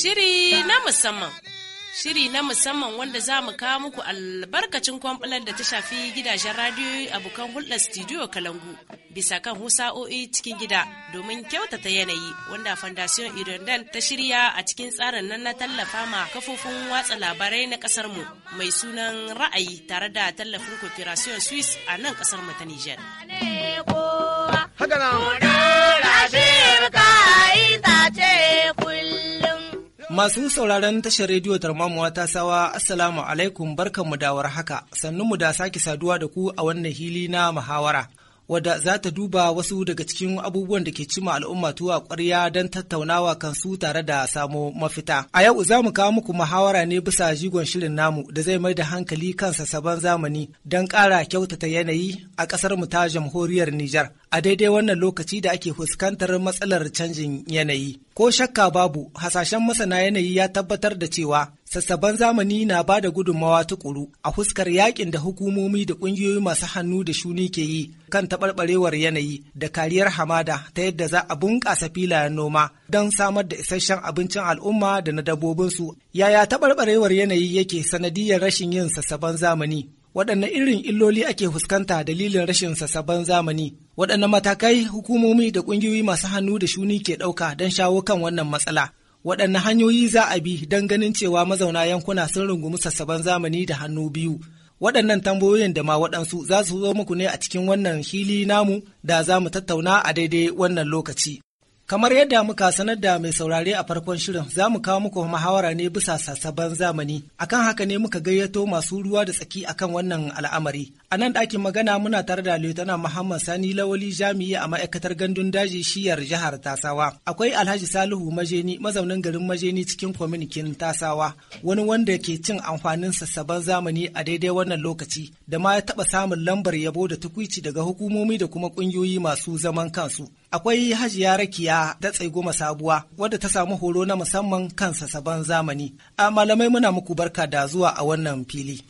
Shiri na musamman. Shiri na musamman wanda za mu kawo muku albarkacin kwamfular da ta shafi gidajen radiyo abokan hulɗar studio Kalangu bisa kan husa'o'i cikin gida domin kyautata yanayi wanda Fondation Irondel ta shirya a cikin tsarin nan na tallafa ma kafofin watsa labarai na ƙasar mu mai sunan ra'ayi tare da tallafin Cooperation Swiss a nan ƙasar mu ta Niger. Haka Masu sauraron tashar rediyo Tarmamuwa ta sawa Assalamu alaikum barkanmu da haka sannu mu da sake saduwa da ku a wannan hili na muhawara. wadda za ta duba wasu daga cikin abubuwan da ke cima al'umma tuwa ƙwarya don tattaunawa kan su tare da samo mafita. A yau za mu kawo muku muhawara ne bisa jigon shirin namu da zai mai da hankali kan sassaban zamani don ƙara kyautata yanayi a ƙasar mu ta jamhuriyar Nijar. A daidai wannan lokaci da ake fuskantar matsalar canjin yanayi. Ko shakka babu, hasashen masana yanayi ya tabbatar da cewa sassaban zamani na ba da gudunmawa tukuru a fuskar yakin da hukumomi da ƙungiyoyi masu hannu da shuni ke yi kan taɓarɓarewar yanayi da kariyar hamada ta yadda za a bunƙasa filayen noma don samar da isasshen abincin al'umma da na dabbobinsu. Yaya taɓarɓarewar yanayi yake sanadiyar rashin yin sassaban zamani? Waɗanne irin illoli ake fuskanta dalilin rashin sassaban zamani? Waɗanne matakai hukumomi da ƙungiyoyi masu hannu da shuni ke ɗauka don shawo kan wannan matsala? waɗanne hanyoyi za a bi don ganin cewa mazauna yankuna sun rungumi sassaban zamani da hannu biyu waɗannan tambayoyin da ma waɗansu za su zo muku ne a cikin wannan hili namu da za mu tattauna a daidai wannan lokaci. Kamar yadda muka sanar da mai saurare a farkon shirin za mu kawo muku muhawara ne bisa sassaban zamani. Akan haka ne muka gayyato masu ruwa da tsaki akan wannan al'amari. A nan ɗakin magana muna tare da Laitana Muhammad Sani Lawali Jami'i a ma'aikatar gandun daji shiyar jihar Tasawa. Akwai Alhaji Salihu Majeni mazaunin garin Majeni cikin kwaminikin Tasawa wani wanda ke cin amfanin sassaban zamani a daidai wannan lokaci da ma ya taɓa samun lambar yabo da tukwici daga hukumomi da kuma ƙungiyoyi masu zaman kansu. Akwai Hajiya Rakiya ta goma sabuwa wadda ta samu horo na musamman kan sasaban zamani. A malamai muna muku barka da zuwa a wannan fili.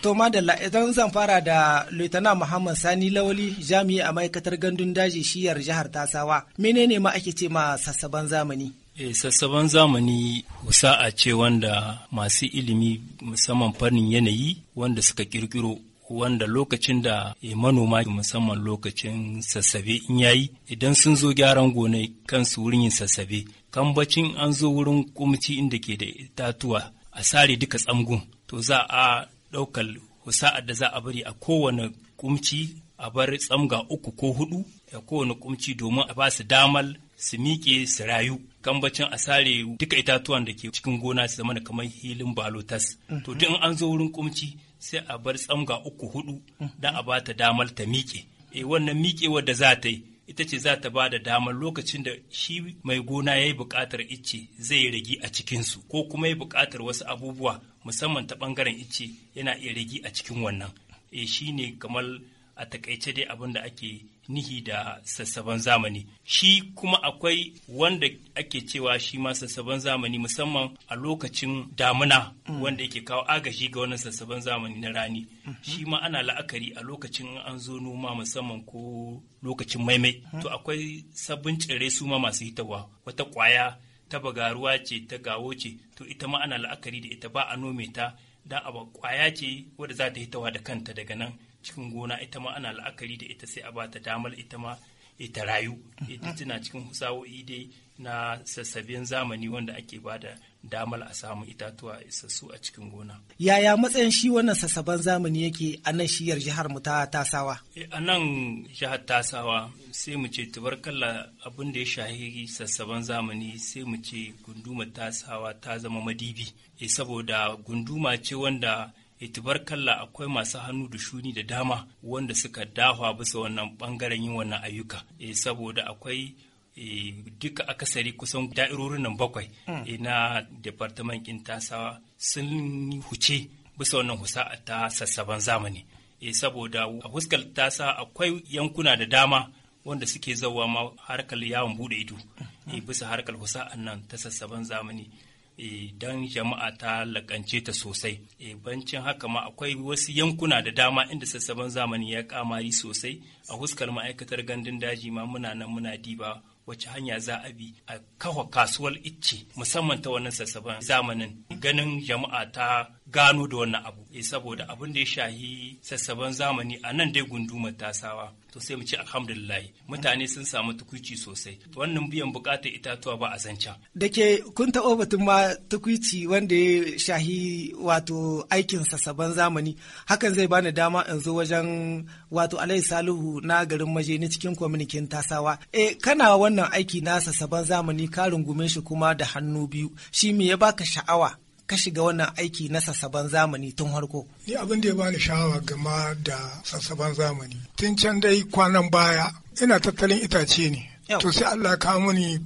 To madalla idan zan fara da lieutenant Muhammad Sani Lawali Jami'a a ma'aikatar gandun daji shiyar jihar Tasawa. Menene ma ake ce ma sasaban zamani? E, sassaban zamani eh, a ce wanda masu ilimi musamman fannin yanayi wanda suka kirkiro wanda lokacin da manoma musamman lokacin sassabe in yayi idan sun zo gyaran gonai kansu wurin yin sassabe kambacin an zo wurin kumci inda ke da itatuwa a sare duka tsamgun to za a ɗaukar husa'ar da za a bari a kowane kumci a bar tsamga uku ko hudu a kowane kumci domin a ba su damar su miƙe su rayu kambacin a sare duka itatuwan da ke cikin gona su zama kamar hilin balotas mm-hmm. to duk an zo wurin kumci sai a bar tsamga uku hudu mhm. don a bata damar ta miƙe e wannan miƙewar da za ta yi ita ce za ta ba da damar lokacin da shi mai gona ya yi buƙatar icce zai ragi a cikinsu ko kuma ya buƙatar wasu abubuwa musamman ta ɓangaren icce yana iya ragi a cikin wannan e shi ne kamar a takaice dai abin da ake nihi da sassaban zamani shi kuma akwai wanda ake cewa shi ma sassaban zamani musamman a lokacin damuna mm. wanda yake kawo agaji ga wannan sassaban zamani na rani mm-hmm. shi ma ana la'akari a lokacin an zo noma musamman ko lokacin maimai mm-hmm. to akwai sabbin tsirrai su ma masu hitawa wata kwaya ta bagaruwa ce ta gawo ce to ita ma ana la'akari da ita ba a nome ta da abu kwaya ce wadda za ta hitawa da kanta daga nan cikin gona ita ma ana la'akari da ita sai a bata damar ita ma ita rayu ita mm-hmm. tana cikin husawo'i dai na sassabin zamani wanda ake da damar a samu itatuwa isassu a cikin gona. Yaya matsayin shi wannan sassaban zamani yake a nan shiyar jihar mu ta tasawa? Eh, a nan jihar tasawa sai mu ce tubarkalla abin da ya shahi sassaban zamani sai mu ce gunduma tasawa ta zama madibi. E saboda gunduma ce wanda kalla akwai masu hannu da shuni da dama wanda suka dahwa bisa wannan bangaren yin wannan ayyuka e, saboda akwai eh, duka akasari kusan da'irorin nan bakwai hmm. eh, na departamentin tasawa sun huce bisa wannan husa ta sassaban zamani e, saboda a huskar tasa akwai yankuna da dama wanda suke zawa ma harkar yawon bude ido hmm. bisa harkar husa'an nan ta sassaban zamani don jama'a ta lakance ta sosai e, bancin haka ma akwai wasu yankuna da dama inda sassaban zamani ya kamari sosai a huskar ma'aikatar gandun daji ma muna nan muna diba wacce hanya za a bi a kawo kasuwar icce musamman ta wannan sassaban zamanin ganin jama'a ta gano da wannan abu eh saboda abin da ya shahi sassaban zamani a nan dai gundumar tasawa to sai mu ce alhamdulillah mutane sun samu tukuici sosai wannan biyan bukatar itatuwa ba a zanca da ke kun taɓa batun ma tukuici wanda ya shahi wato aikin sassaban zamani hakan zai bani dama in zo wajen wato alai salihu na garin maje na cikin kwaminikin tasawa eh kana wannan aiki na sassaban zamani ka rungume shi kuma da hannu biyu shi me ya baka sha'awa ka shiga wannan aiki na sassaban zamani tun harko? Ni abin da ya bani shawara gama da sassaban zamani. Tun can dai kwanan baya ina tattalin itace ne. To sai Allah ka muni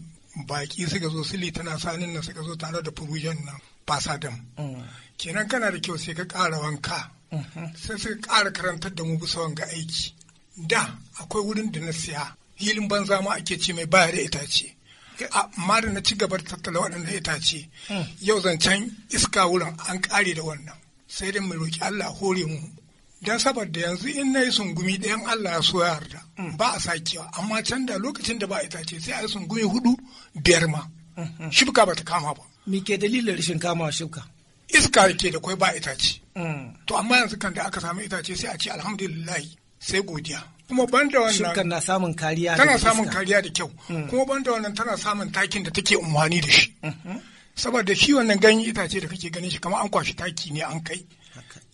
baki suka zo su tana sanin nan suka zo tare da furujen nan fasadam. Mm. Kenan kana da kyau sai ka ƙara wanka. Mm-hmm. Sai suka ƙara karantar da mu bisa wanga aiki. Da akwai wurin da na siya hilin banza ma ake ce mai bayar da itace. amma da na ci gaba da tattala waɗannan itace yau zan can iska wurin an ƙare da wannan sai dai mai roƙi Allah hore mu don saboda yanzu in na yi sungumi ɗayan Allah so ya yarda ba a sakewa amma can da lokacin da ba itace sai a yi sungumi hudu biyar ma shibka ba ta kama ba. Me ke dalilin rashin kama shibka? Iska ke da kwai ba itace. To amma yanzu kan da aka samu itace sai a ce alhamdulillahi sai godiya. kuma banda wannan shukar na samun kariya tana samun kariya da kyau hmm. kuma banda wannan tana samun takin da take umwani da shi mhm. saboda shi wannan ganyen itace da kake ganin shi kamar an kwashi taki ne an kai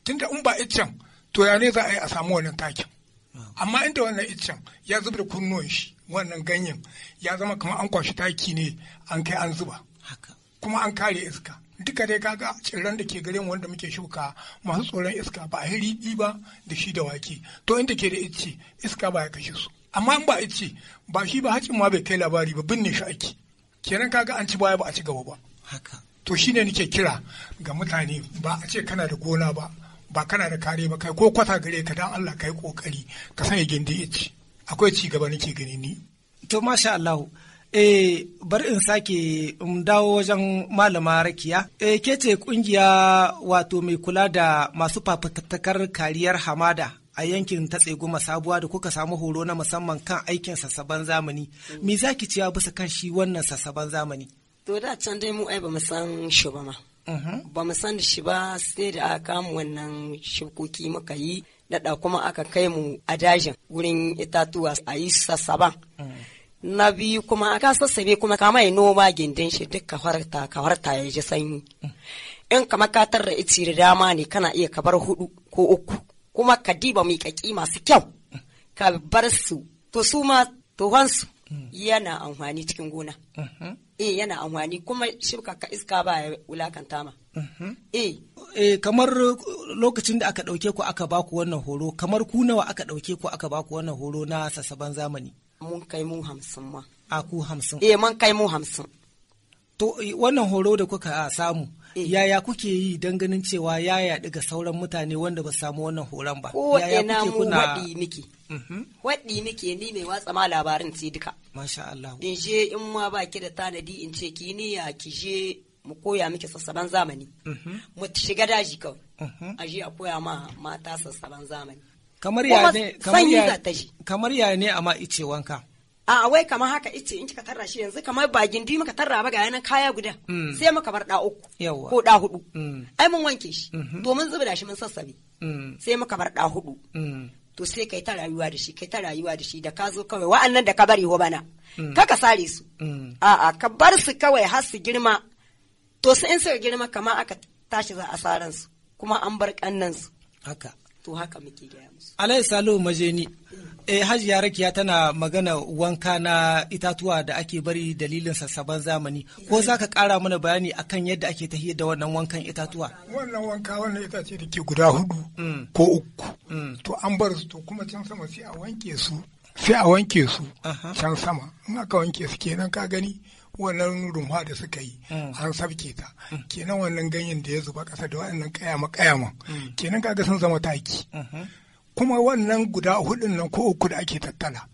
tunda in ba iccen to ya ne za a yi a samu wannan takin ah. amma inda wannan iccen ya zuba da kunnuwan shi wannan ganyen ya zama kamar an kwashi taki ne an kai an zuba kuma an kare iska duka dai kaga tsirran da ke gare mu wanda muke shuka masu tsoron iska ba a yi riɗi ba da shi da wake to inda ke da icce iska ba ya kashe su amma in ba icce ba shi ba hacin ma bai kai labari ba binne shi ake kenan kaga an ci baya ba a ci gaba ba haka to shine nake kira ga mutane ba a ce kana da gona ba ba kana da kare ba kai ko kwata gare ka dan Allah kai kokari ka sanya gindi icce akwai ci gaba nake gani ni to masha Allah Eh bari in sake dawo wajen malama rakiya. Eh ke ce kungiya wato mai kula da masu fafatattakar kariyar hamada a yankin ta tseguma sabuwa da kuka samu horo na musamman kan aikin sassaban zamani. Me za ki ciya bisa kan shi wannan sassaban zamani? To da can dai mu ai ba mu san shi ba ma. Mhm. Ba mu san shi ba sai da aka kamu wannan shukoki muka yi da kuma aka kai mu a dajin wurin itatuwa a yi sassaban. Mm. na biyu kuma aka sassafe kuma ka mai noma gindin shi duk ka farta ka farta ya ji sanyi in kama katar da ici da dama ne kana iya ka bar hudu ko uku kuma ka diba mai kaki masu kyau ka bar su to su ma tohonsu yana amfani cikin gona eh yana amfani kuma shibka ka iska ba ya wulakanta ma eh, eh kamar lokacin da aka dauke ku aka baku wannan horo kamar ku nawa aka dauke ku aka baku wannan horo na sassaban zamani mun kai mu hamsin ma a ku hamsin eh mun kai mu hamsin to wannan horo da kuka samu eh. yaya kuke yi don ganin cewa ya yaɗu ga sauran mutane wanda ba samu wannan horon ba ko ina mu waɗi nike mhm. waɗi nike ni mai watsa ma labarin sai duka masha Allah in je in ma ba ki da tanadi in ce ki ya ki je mu koya miki sassaban zamani mhm. mu shiga daji kawai mhm. a je a koya ma mata sassaban zamani kamar ya ne kamar ya kamar ya ne amma ice wanka a wai kamar haka ice in kika tarra shi yanzu kamar ba gindi ka tarra ba ga yanan kaya guda mm. sai muka bar da uku ko da hudu mm. ai mun wanke shi domin mm-hmm. zubda shi mun sassabe mm. sai muka bar da hudu to sai kai ta rayuwa da shi kai ta rayuwa da shi da ka zo kawai wa'annan da ka bari ho bana kaka sare su a'a ka bar su kawai har su girma to sai in suka girma kamar aka tashi za a saran su kuma an bar kannan su haka to haka muke gaya musu alai salo majeni eh hajiya rakiya tana magana wanka na itatuwa da ake bari dalilin sassaban zamani ko za ka kara mana bayani akan yadda ake tahiyar da wannan wankan itatuwa wannan wanka wannan itace da ke guda hudu ko uku to an bar su to kuma can sama sai a wanke su sai a wanke su can sama in aka wanke su kenan ka gani wannan rumha da suka yi mm. an sabke ta mm. kenan wannan ganyen da ya zuba kasa da wannan kayama kayama mm. kenan kaga sun zama taki mm-hmm. kuma wannan guda hudun nan ko uku da ake tattala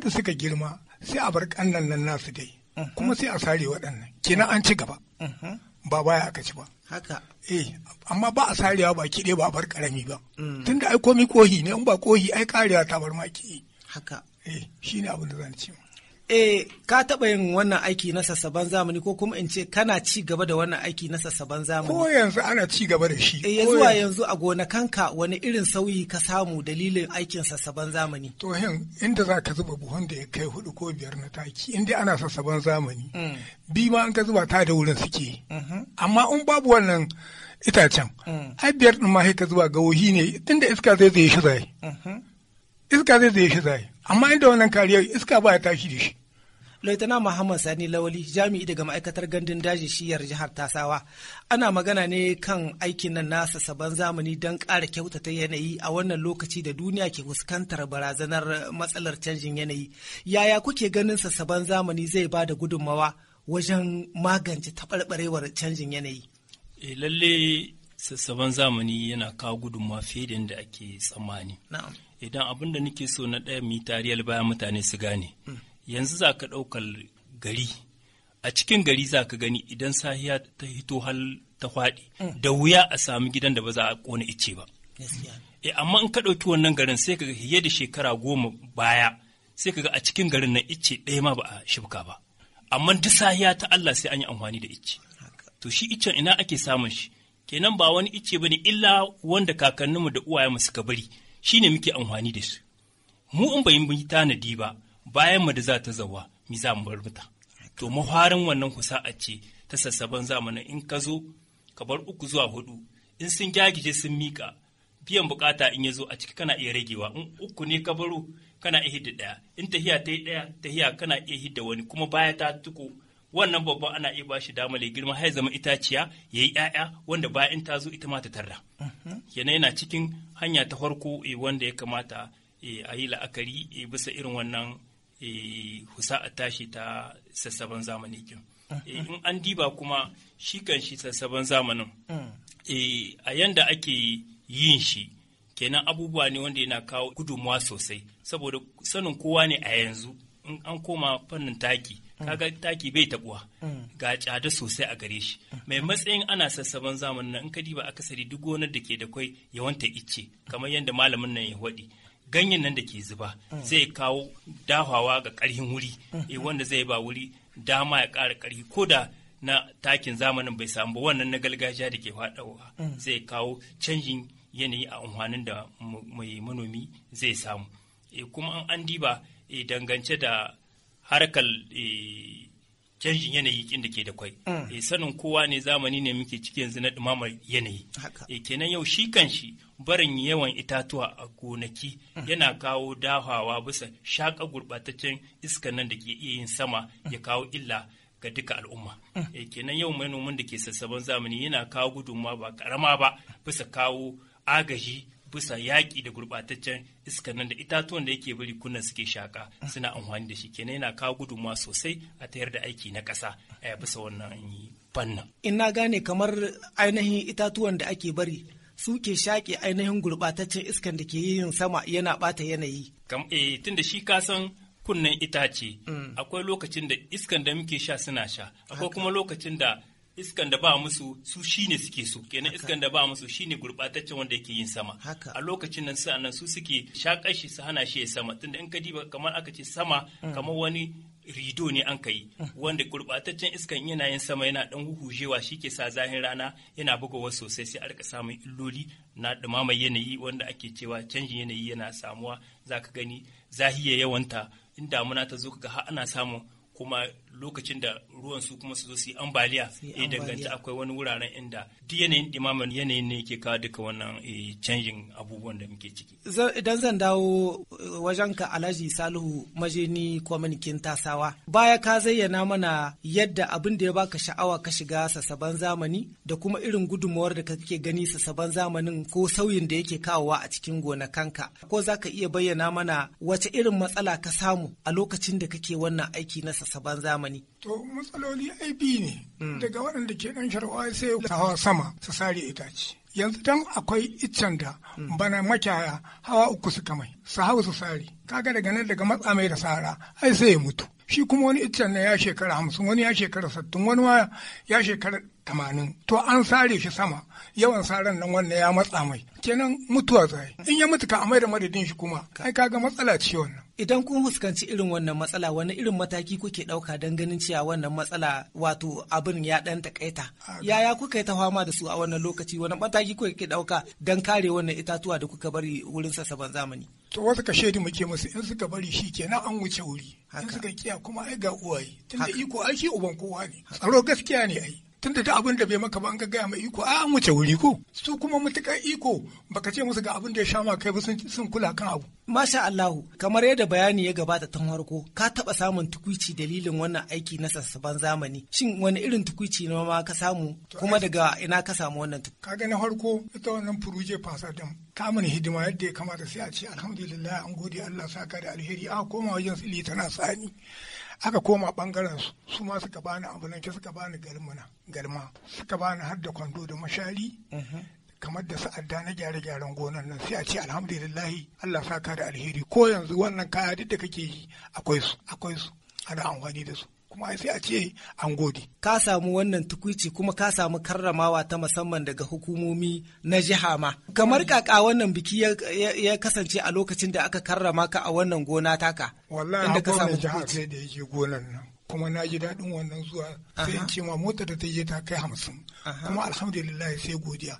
da suka girma sai a bar kannan nan nasu dai mm-hmm. kuma sai a sare waɗannan kenan an ci gaba mm-hmm. ba baya aka ci ba haka eh amma ba a sarewa baki ɗaya ba a bar karami ba tunda ai komi kohi ne in ba kohi ai karewa ta bar maki haka eh shine abin da zan ce eh ka taɓa yin wannan aiki na sassaban zamani ko kuma in ce kana ci gaba da wannan aiki na sassaban zamani ko yanzu ana ci gaba da shi eh, ya zuwa yanzu a gonakanka wani irin sauyi ka samu dalilin aikin sassaban zamani to hin inda za ka zuba buhun da ya kai hudu ko biyar na taki inda ana sassaban zamani mm. bi ma an ka zuba ta da wurin suke mm-hmm. amma in babu wannan itacen mm. ai biyar din ma ka zuba gawohi ne tunda iska zai zai shi zai mm-hmm. iska zai zai shi zai amma inda wannan kariyar iska ba ya tashi da shi Laitana Muhammad Sani Lawali jami'i daga ma'aikatar gandun daji shiyar jihar Tasawa. Ana magana ne kan aikin nan nasa saban zamani don ƙara kyautata yanayi a wannan lokaci da duniya ke fuskantar barazanar matsalar canjin yanayi. Yaya kuke ganin saban zamani zai ba da gudunmawa wajen magance taɓarɓarewar canjin yanayi? E, eh, lalle sassaban zamani yana kawo gudunmawa fiye da ake tsammani. idan abin da nake so na ɗaya mi tariyar baya mutane su gane yanzu za ka ɗaukar gari a cikin gari za ka gani idan sahiya ta hito hal ta faɗi da wuya a sami gidan da ba za a ƙona ice ba e amma in ka ɗauki wannan garin sai kaga ga fiye da shekara goma baya sai ka ga a cikin garin nan ice ɗaya ma ba a shibka ba amma duk sahiya ta Allah sai an yi amfani da ice to shi icen ina ake samun shi kenan ba wani ice bane illa wanda kakanninmu da uwayenmu suka bari shi ne muke amfani da su mu in bai yi tanadi ba bayan mu da za ta zawa mi za mu bar mata to mafarin wannan kusa'a ce ta sassaban zamanin in ka zo ka bar uku zuwa hudu in sun gyagije sun mika biyan bukata in ya zo a ciki kana iya ragewa in uku ne ka baro kana iya hidda daya in tahiya ta yi daya tahiya kana iya hidda wani kuma baya ta tuku wannan babban ana iya bashi dama ya girma har zama itaciya ya yi ‘ya'ya wanda bayan ta zo ita ma ta tarra. Kenan yana cikin hanya ta farko eh, wanda ya kamata eh, a yi la'akari eh, bisa irin wannan husa a tashi ta sassaban zamani kin. In an diba kuma shi kan shi sassaban zamanin mm. a yanda ake yin shi kenan abubuwa ne wanda yana kawo gudunmuwa sosai saboda sanin kowa ne a yanzu in an koma fannin taki kaga daki bai taɓuwa. ga tsada sosai a gare shi mai matsayin ana sassaban zamanin nan in ka diba akasari duk gonar da ke da kwai yawanta icce kamar yadda malamin nan ya waɗi ganyen nan da ke zuba zai kawo dahawa ga ƙarhin wuri eh, wanda zai ba wuri dama ya ƙara ƙarhi ko da na takin zamanin bai samu ba wannan na gargajiya da ke faɗawa zai kawo canjin yanayi a amfanin da mai manomi zai samu eh, kuma an diba eh, dangance da harkar e, canjin yanayi kin ke da kwai mm. e, sanin kowa ne zamani ne muke ciki yanzu na ɗumamar yanayi e, kenan yau shi kan shi barin yawan itatuwa a gonaki mm. yana kawo dahawa bisa shaƙa gurɓataccen iskan nan da ke iya yin sama mm. ya kawo illa ga duka al'umma kenan yau manoman da ke sassaban zamani yana kawo gudunmawa ba ƙarama ba bisa kawo agaji bisa yaƙi da gurbataccen iska nan da itatuwan da yake bari kunna suke shaƙa suna amfani da shi kenan yana kawo gudunmawa sosai a tayar da aiki na ƙasa a eh, bisa wannan fannin. In na gane kamar ainihin itatuwan da ake bari su ke shaƙe ainihin gurbataccen iskan da ke yin sama yana ɓata yanayi. eh tun da shi kasan kunnen itace mm. akwai lokacin da iskan da muke sha suna sha akwai kuma lokacin da iskan da ba musu su shine suke so kenan iskan da ba musu shine gurbataccen wanda yake yin sama a lokacin nan sa'an nan su suke shakar shi su hana shi ya sama tunda in ka diba kamar aka ce sama mm. kamar wani rido ne an kai mm. wanda gurbataccen iskan yana yin sama yana dan huhujewa ke sa zahin rana yana bugawa sosai sai a rika samun illoli na dumama yanayi wanda ake cewa canjin yanayi yana samuwa zaka gani zahiya yawanta in damuna ta zo kaga har ana samun kuma lokacin da ruwan su kuma su zo su yi ambaliya ya danganta akwai wani wuraren inda duk yanayin imaman yanayin ne ke kawo duka wannan eh, canjin abubuwan da muke ciki. Idan zan dawo eh, wajen ka Alhaji Salihu Majeni Kwamanikin Tasawa baya ka zayyana mana yadda abin da ya baka sha'awa ka shiga sassaban zamani da kuma irin gudunmawar da kake gani sassaban zamanin ko sauyin da yake kawowa a cikin gonakanka ko za ka iya bayyana mana wace irin matsala ka samu a lokacin da kake wannan aiki na sassaban zamani. zamani. To matsaloli ai biyu ne hmm. daga waɗanda ke ɗan sharwa sai hawa sama su sare itace. Yanzu dan akwai iccen da hmm. bana makyaya hawa uku su kamai su hau su sare. Kaga daga nan daga matsa mai da sahara ai sai ya mutu. Shi kuma wani iccen na ya shekara hamsin wani ya shekara sattin wani ya shekara tamanin to an sare shi sama yawan saran nan wannan ya matsa mai kenan mutuwa zai in ya mutu ka amai da madadin shi kuma ai kaga matsala ce wannan idan kun fuskanci irin wannan matsala wani irin mataki kuke ɗauka don ganin cewa wannan matsala wato abin ya ɗan takaita yaya kuka yi ta fama da su a wannan lokaci wani mataki kuke ɗauka don kare wannan itatuwa da kuka bari wurin sassaban zamani to wasu ka shaidi muke musu in suka bari shi kenan an wuce wuri in suka kiya kuma ai ga uwaye tunda iko ai shi uban kowa ne tsaro gaskiya ne ai tunda da abin da bai maka ba an ga gaya mai iko a an wuce wuri ko su kuma mutukan iko baka ce musu ga abin da ya sha ma kai ba sun kula kan abu masha Allahu kamar yadda bayani ya gabata tun farko ka taba samun tukuici dalilin wannan aiki na sassaban zamani shin wani irin tukuici na ma ka samu kuma daga ina ka samu wannan tukuici kaga na farko ita wannan furuje fasa dam Ka mana hidima yadda ya kamata sai a ce alhamdulillah an gode Allah saka da alheri a koma wajen sili tana sani aka koma bangaren su su ma suka bani ke suka bani garmana galma suka bani har da kwando da mashari mhm. kamar da sa'adda na gyare-gyaren gonan nan sai a ce alhamdulillahi Allah saka da alheri ko yanzu wannan kaya duk da kake yi akwai su akwai su ana amfani da su kuma sai a ce an gode. Ka samu wannan tukuici kuma ka samu karramawa ta musamman daga hukumomi na jiha ma. Kamar mm. kaka wannan biki ya kasance a lokacin da aka karrama ka a wannan gona taka. Wallahi ka samu jiha sai da yake gonan nan. kuma na ji daɗin wannan zuwa sai in ce ma mota da ta je ta kai hamsin kuma alhamdulillah sai godiya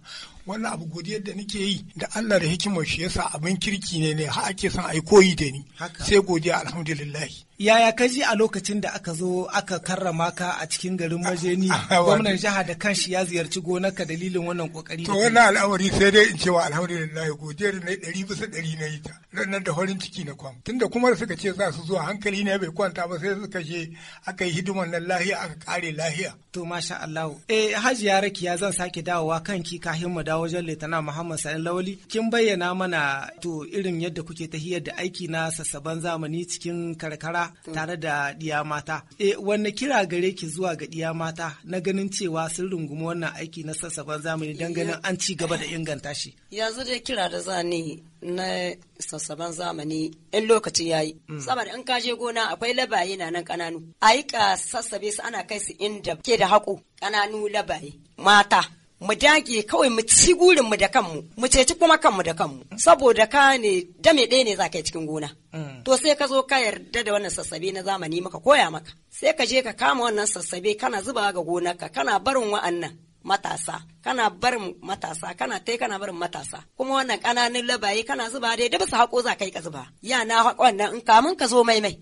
wannan abu godiyar da nake yi da Allah da hikimar shi yasa abin kirki ne ne har ake son ai koyi da ni sai godiya alhamdulillah yaya ka ji a lokacin da aka zo aka karrama ka a cikin garin Majeni gwamnan jiha da kanshi ya ziyarci gonarka dalilin wannan kokari to wannan al'amari sai dai in cewa alhamdulillah godiyar ne ɗari bisa ɗari na yi ta nan da horin ciki na kwam tunda kuma suka ce za su zo hankali ne bai kwanta ba sai suka je aka yi hidimar nan lahiya aka kare lahiya To masha Allah. Eh Hajiya ya zan sake dawowa kanki kafin mu dawo wajen Litana Muhammad Sani Lawali. Kin bayyana mana to irin yadda kuke ta hiyar da aiki na sassaban zamani cikin karkara tare da diya mata. Eh wanne kira gare ki zuwa ga diya mata na ganin cewa sun rungumi wannan aiki na sassaban zamani don eh, ganin an ci gaba da inganta shi. Yanzu dai kira da zani na sassaban zamani in lokaci ya yi. Mm. Saboda in ka je gona akwai labaye na nan ƙananu. A yi ka sassabe su ana kai su inda ke da haƙo Kananu labaye mata. mu dage kawai mu ci gurin mu da kanmu mu ceci kuma kanmu da kanmu mm. saboda ka ne dame ɗaya ne za ka yi cikin gona mm. to sai ka zo ka yarda da wannan sassabe na zamani maka koya maka sai ka je ka kama wannan sassabe kana zuba ga gonarka kana barin wa'annan matasa kana barin matasa kana tai kana barin matasa kuma wannan kananan labaye kana zuba dai da bisa hako za kai ka zuba Ya yana wannan in kamun ka zo mai mai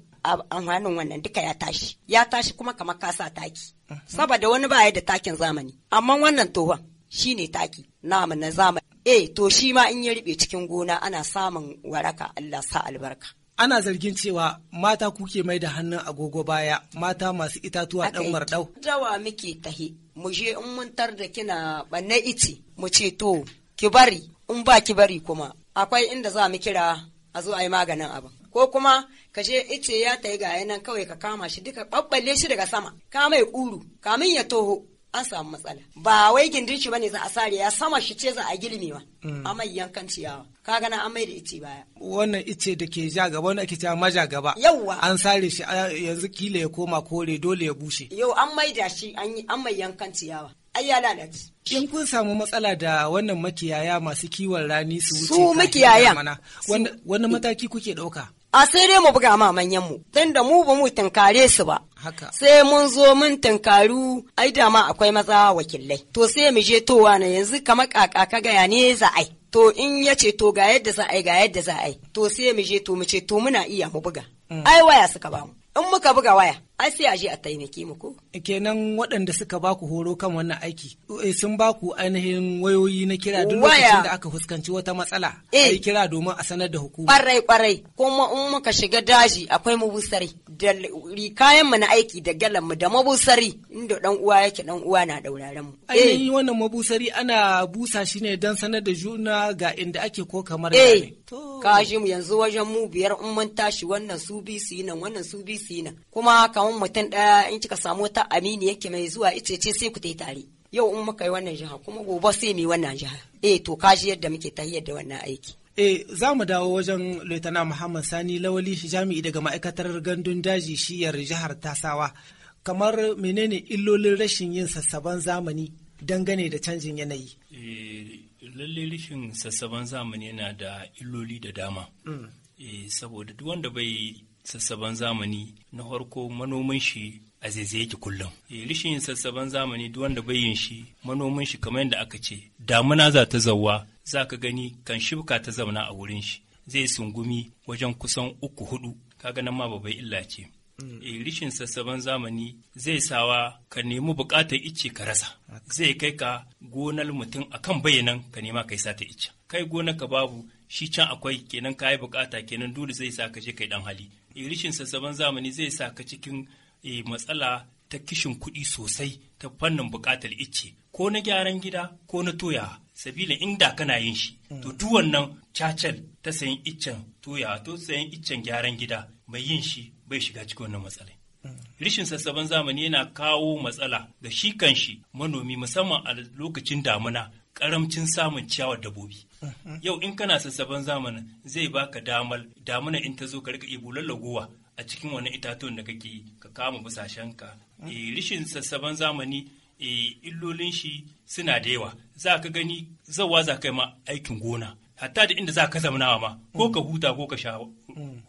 amfanin wannan duka ya tashi ya tashi kuma kamar kasa taki saboda wani baya da takin zamani amma wannan tohon shine taki namu na zamani eh to shi ma in ya ruɓe cikin gona ana samun waraka Allah sa albarka ana zargin cewa mata kuke mai da hannun agogo baya mata masu itatuwa dan mardau dawa muke tahi mu je in mun tar da kina banne iti mu ce to ki bari in ba ki bari kuma akwai inda za mu kira a zo a yi maganin abin ko kuma ka je ice ya ta yi gaya nan kawai ka kama shi duka ɓaɓɓalle shi daga sama ka mai ƙuru kamin ya toho an samu matsala ba wai gindin shi bane za a sare ya sama shi ce za a girmewa mai mm. yankan ciyawa gana an mai da ice baya wannan ice da ke ja gaba wanda ake cewa maja gaba yawwa an sare shi yanzu kila ya koma kore dole ya bushe yau an da shi an mai yankan ciyawa ai ya lalace in kun samu matsala da wannan makiyaya masu kiwon rani su wuce su makiyayan wani mataki kuke dauka a sai dai mu buga ma manyan mu tunda mu ba mu tunkare su ba sai mun zo mun tunkaru ai dama akwai maza wakilai to sai mu je towa na yanzu kamar kaka ka gaya ne za ai to in ya ce to ga yadda za ai ga yadda za ai to sai mu je to mu ce to muna iya mu buga mm. ai waya suka bamu in muka buga waya ai sai a je a taimake mu ko. Kenan waɗanda suka ba ku horo kan wannan aiki eh, sun ku ainihin wayoyi na kira duk lokacin da aka fuskanci wata matsala. A eh. yi kira domin a sanar da hukuma. Ƙwarai ƙwarai kuma in muka shiga daji akwai mabusari da kayan mu na aiki da galan mu da mabusari inda dan uwa yake dan uwa na dauraren mu. Eh. Ainihin wannan mabusari ana busa shi ne don sanar da juna ga inda ake ko kamar. Eh. Kashi mu yanzu wajen mu biyar in mun tashi wannan su bi su yi nan wannan su bi su yi nan kuma samu mutum ɗaya in kika samu wata amini yake mai zuwa ice ce sai ku ta yi tare yau in muka yi wannan jiha kuma gobe sai mu yi wannan jiha eh to ka ji yadda muke tahiyar da wannan aiki E za mu dawo wajen Laitana Muhammad Sani Lawali jami'i daga ma'aikatar gandun daji shiyar jihar Tasawa. Kamar menene illolin rashin yin sassaban zamani dangane da canjin yanayi? Eh, lalle rashin sassaban zamani yana da illoli da dama. Mm. Eh, saboda duk wanda bai sassaban zamani na farko manoman shi a zaizaye yake kullum. Eh, rishin sassaban zamani duk wanda bai yin shi manoman shi kamar yadda aka ce damuna za ta zauwa za ka gani kan shibka ta zauna a wurin shi zai sungumi wajen kusan uku hudu kaga nan ma babai illa ce. Mm. Eh, rishin sassaban zamani zai sawa ka nemi bukatar icce ka rasa zai kai ka gonar mutum akan bayanan ka nema kai sata icce. kai gonar ka babu shi can akwai kenan kayi bukata kenan dole zai sa ka je kai dan hali eh, rishin sassaban zamani zai sa ka cikin eh, matsala ta kishin kuɗi sosai ta fannin bukatar icce ko na gyaran gida ko na toya sabila inda kana yin shi mm. to duk wannan cacal ta sayan iccen toya to sayan iccen gyaran gida mai yin shi bai shiga cikin wannan matsalai mm. Rishin sassaban zamani yana kawo matsala ga shi kanshi manomi musamman a lokacin damuna karamcin samun ciyawar dabobi. Yau in kana sassaban zamani zai baka damar damuna in ta zo ka rika ibo a cikin wani itatuwan da kake ka kama busashen ka. Eh, rishin sassaban zamani e, illolin shi suna da yawa za ka gani zawa za ka yi ma aikin gona hatta da inda za ka zamanawa ma ko ka huta ko ka sha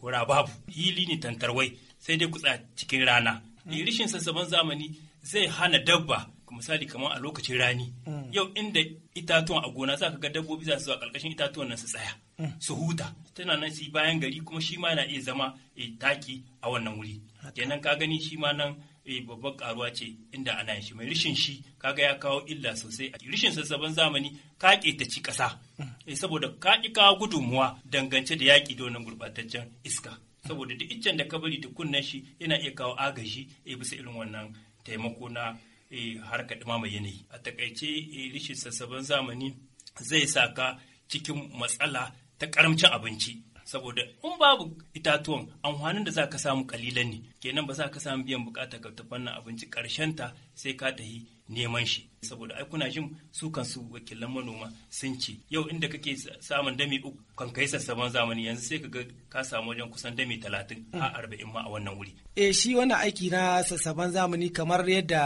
hura babu hili ne tantarwai sai dai kutsa cikin rana. E, rishin sassaban zamani zai hana dabba misali kamar a lokacin rani mm. yau inda itatuwan a gona za ka ga dabbobi za su a ƙarƙashin itatuwan nan su tsaya mm. su huta tana nan su bayan gari kuma shi ma na iya zama e, taki a wannan wuri kenan ka gani shi ma nan e, babban karuwa ce inda ana shi mai rishin shi kaga ya kawo illa sosai a rishin sassaban zamani ka ta ci ƙasa mm. e, saboda ka ƙi kawo gudunmuwa dangance da yaƙi da wannan gurɓataccen iska saboda duk iccen da ka bari kunnen shi yana iya kawo agaji bisa irin wannan taimako na E, harkar ɗumama yanayi a takaice e, rishin sassaban zamani zai sa ka cikin matsala ta karamcin abinci saboda in babu itatuwan amfanin da za ka samu kalilan ne kenan ba za ka samu biyan bukata ka ta fannin abinci ta sai ka tafi neman shi saboda ai kuna jin su kansu wakilan manoma sun ce yau inda kake samun dami uku kan kai sassaban zamani yanzu sai ka ga ka samu wajen kusan dami talatin a arba'in ma a wannan wuri. eh shi wannan aiki na sassaban zamani kamar yadda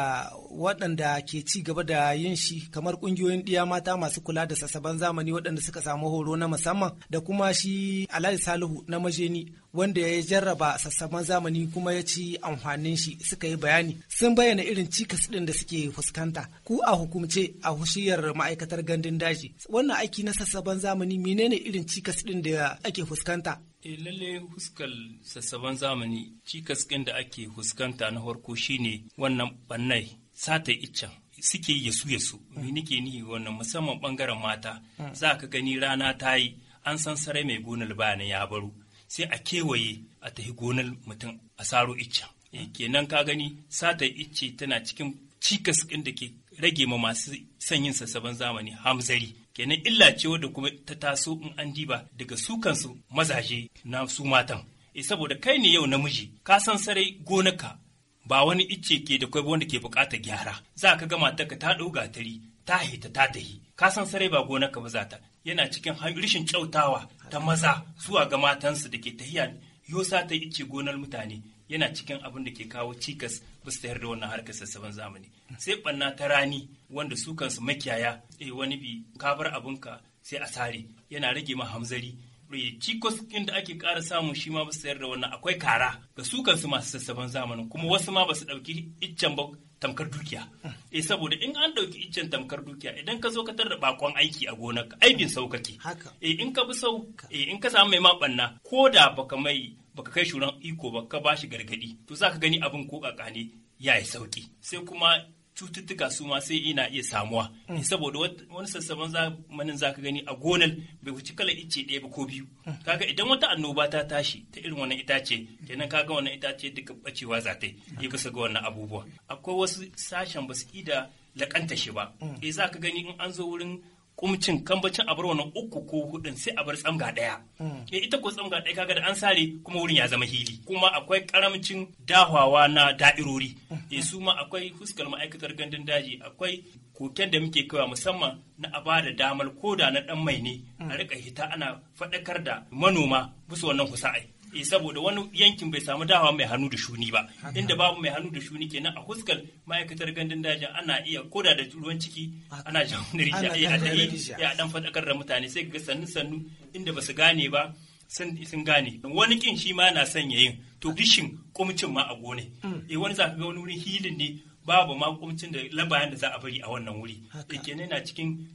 waɗanda ke ci gaba da yin shi kamar ƙungiyoyin ɗiya mata masu kula da sassaban zamani waɗanda suka samu horo na musamman da kuma shi alhaji salihu na majeni wanda ya jarraba sassaban zamani kuma ya ci amfanin shi suka yi bayani sun bayyana irin cikas ɗin da suke fuskanta ku a hukumce a hushiyar ma'aikatar gandun daji wannan aiki na sassaban zamani menene irin cikas ɗin da ake fuskanta e lalle huskar sassaban zamani cikas ɗin da ake fuskanta na farko shine wannan bannai sata iccen suke yasu yasu me nike ni wannan musamman bangaren mata hmm. za ka gani rana ta yi an san sarai mai gonar bayanin ya baro sai a kewaye a tafi gonar mutum a saro iccen eh, kenan ka gani sata icce tana cikin cikas ɗin da ke rage ma masu sanyin sassaban zamani hamzari kenan illa ce wadda kuma ta taso in an diba daga su kansu mazaje na su matan e saboda kai ne yau namiji ka san sarai gonaka ba wani icce ke da kwai wanda ke bukata gyara za ka ga ka ta ɗau gatari ta hita ta tahi ka san sarai ba gonaka ba za ta yana cikin rashin kyautawa ta maza zuwa ga matansu da ke tahiya yosa ta icce gonar mutane yana cikin abin da ke kawo cikas ba su tayar da wannan harkar sassaban zamani sai banna ta rani wanda su kansu makiyaya eh wani bi kabar ka sai a sare yana rage ma hamzari eh, cikos ɗin da ake ƙara samun shi ma ba su tayar da wannan akwai kara ga su kansu masu sassaban zamani kuma wasu ma ba su ɗauki iccen ba tamkar dukiya eh saboda in an ɗauki iccen tamkar dukiya idan ka zo ka tarda bakon aiki a ka aibin saukake. eh in ka bi sau eh in ka samu mai maɓanna ko da baka mai baka kai shuran iko ba ka bashi gargadi to zaka gani abin ko kakane ya yi sauki sai kuma cututtuka su ma sai ina iya samuwa mm. eh, saboda wani sassaban zamanin zaka gani a gonar bai wuce kala ice ɗaya ba ko biyu mm. kaga idan wata annoba ta tashi ta irin wannan itace kenan kaga wannan itace duka bacewa za ta yi bisa ga wannan abubuwa akwai wasu sashen ba su ida lakanta shi ba mm. eh za ka gani in an zo wurin kumcin kambacin a bar wannan uku ko hudun sai a bar tsamga daya hmm. eh, ita ko tsamga daya kaga da an sare kuma wurin ya zama hili kuma akwai karamcin dahawa na da'irori e su ma akwai fuskar ma'aikatar gandun daji akwai koken da muke kawai musamman na a ba da damar koda na dan mai ne a hmm. rika hita ana faɗakar da manoma bisa wannan kusa'ai. e saboda wani yankin bai samu dawa mai hannu da shuni ba inda babu mai hannu da shuni kenan a huskar ma'aikatar gandun daji ana iya koda da ruwan ciki ana jan rijiya eh, ya dan fadakar da mutane sai ga sannu sannu inda basu gane ba sun gane wani kin shi ma na sanya yin to rishin kumcin ma a gone e wani za ga wani wurin hilin ne babu ma kumcin da labayan da za a bari a wannan wuri kenan na cikin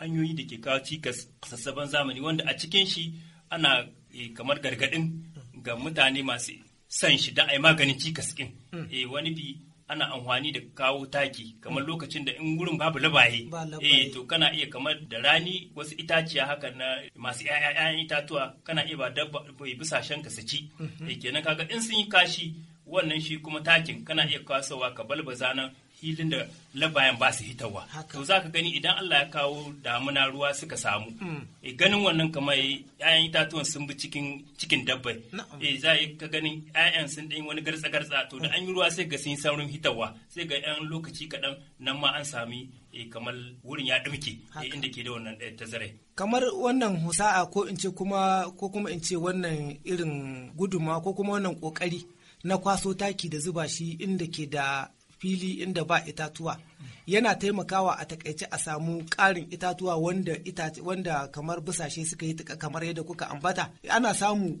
hanyoyi da ke kawo cikas sassaban zamani wanda a cikin shi ana kamar gargadin ga mutane masu san shi da a yi maganin cikas ɗin. Hmm. Eh wani bi ana amfani da kawo taki kamar hmm. lokacin da in wurin babu labaye eh to kana iya kamar da rani wasu itaciya haka na masu ƴaƴan itatuwa kana iya ba dabba bai bisashen ka saci hmm. eh kenan kaga in sun yi kashi wannan shi kuma takin kana iya kasowa ka balbaza nan hilin da labayan ba su hitarwa to za ka gani idan Allah ya kawo damuna ruwa suka samu hmm. e ganin wannan kamar ‘ya’yan itatuwan sun bi cikin cikin dabbai e za ka gani ‘ya’yan sun ɗan wani garza garza to da an yi ruwa sai ga sun saurin hitarwa sai ga ‘yan lokaci kaɗan nan ma an sami e kamar wurin ya ɗumke e, inda ke da wannan e, tazarai kamar wannan husa'a ko in ce kuma ko kuma in ce wannan irin guduma ko kuma wannan kokari na kwaso taki da zuba shi inda ke da fili inda ba itatuwa yana taimakawa a takaice a samu ƙarin itatuwa wanda wanda kamar busashe suka yi kamar yadda kuka ambata ana samu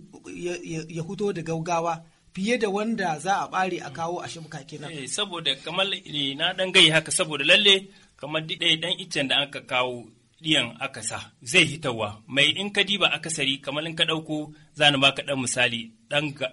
ya huto da gaugawa fiye da wanda za a bare a kawo a shimka kenan eh, saboda kamar eh, na dan gai haka saboda lalle kamar ɗaya dan iccen da aka kawo ɗiyan aka sa zai hitawa mai in ka diba akasari kamar in ka ɗauko za ni baka ɗan misali